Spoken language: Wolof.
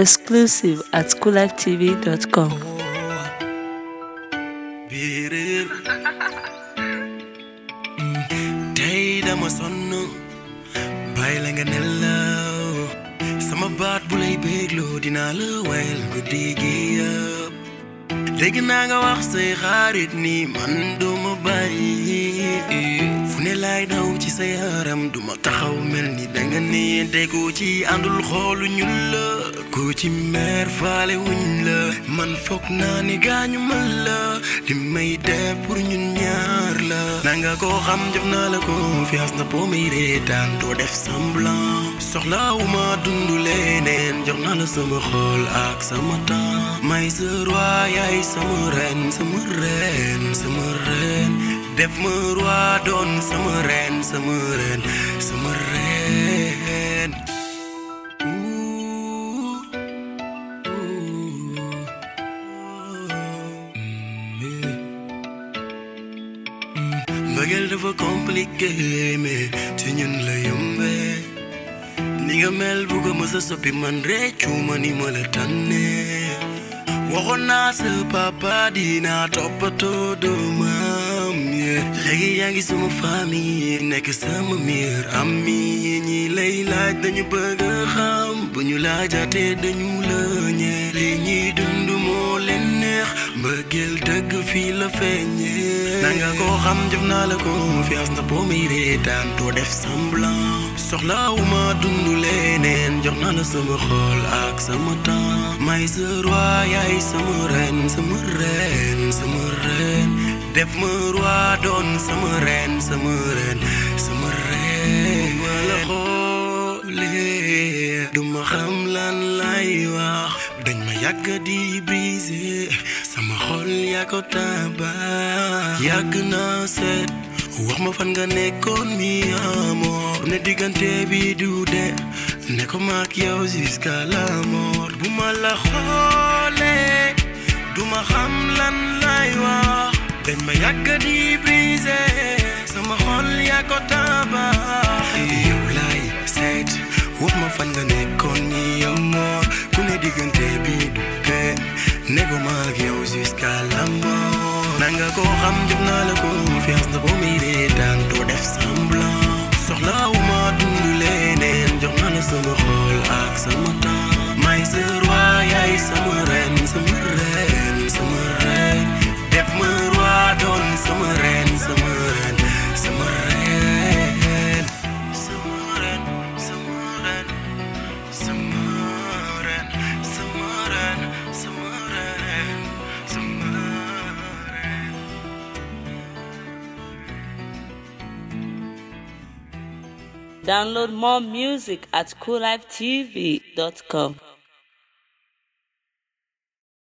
exclusive at coolivetv.com. Mm. tey dama sonn bàyyi la nga nelaw sama baat bu lay bégloo dinaa la wayal guddi gi yëpp naa nga wax say ni man duma bàyyi laay daw ci sa yaram duma taxaw mel ni danga ne déggu ci àndul xoolu ci meer faale wuñ man foog naa ni gaañu man la li may def pour ñun ko xam jox naa la confiance na boo may doo def semblant soxlaawuma dund leneen jox naa la sama xol ak sama temps may sa roi yaay sama ren sama ren ren def ma roi doon sama reen sama reen sama reen mbëggeel dafa compliqué mais ci la yombee ni nga mel bu ko mësa soppi man réccu ma ni ma la tànnee waxoon naa sa papa dinaa toppatoo doomam yee léegi yaa ngi sama famille nekk sama miir ami ñi lay laaj dañu bëgg a xam bu ñu laajaatee dañu la ñee li ñuy dund mbëggeel dëgg fii la feeñee na nga xam jox naa la confiance na boo muy reetaan doo def semblant soxlaawuma dund leneen jox naa la sama xol ak sama temps may sa roi yaay sama ren sama ren def ma roi doon sama ren sama ren sama ma la xam lan lay wax dañ ma yàgg di briser yaa ko seet wax ma fan nga nekkoon mi amoor ne diggante bi du de ne ko maak yow jusqu'à la mort bu ma la xoolee du ma xam lan lay wax ma yàgg di brisé sama xol yaa ko tabax yow lay seet wax ma fan nga nekkoon mi amoor ku ne diggante bi du de négoma ak yow jusqu'à la mort nanga ko xam jox naa la confiance de boo muy reetaan doo def semblant soxlaawu ma dund leneen jox naa la sama ak sama temps Download more music at coolifetv.com.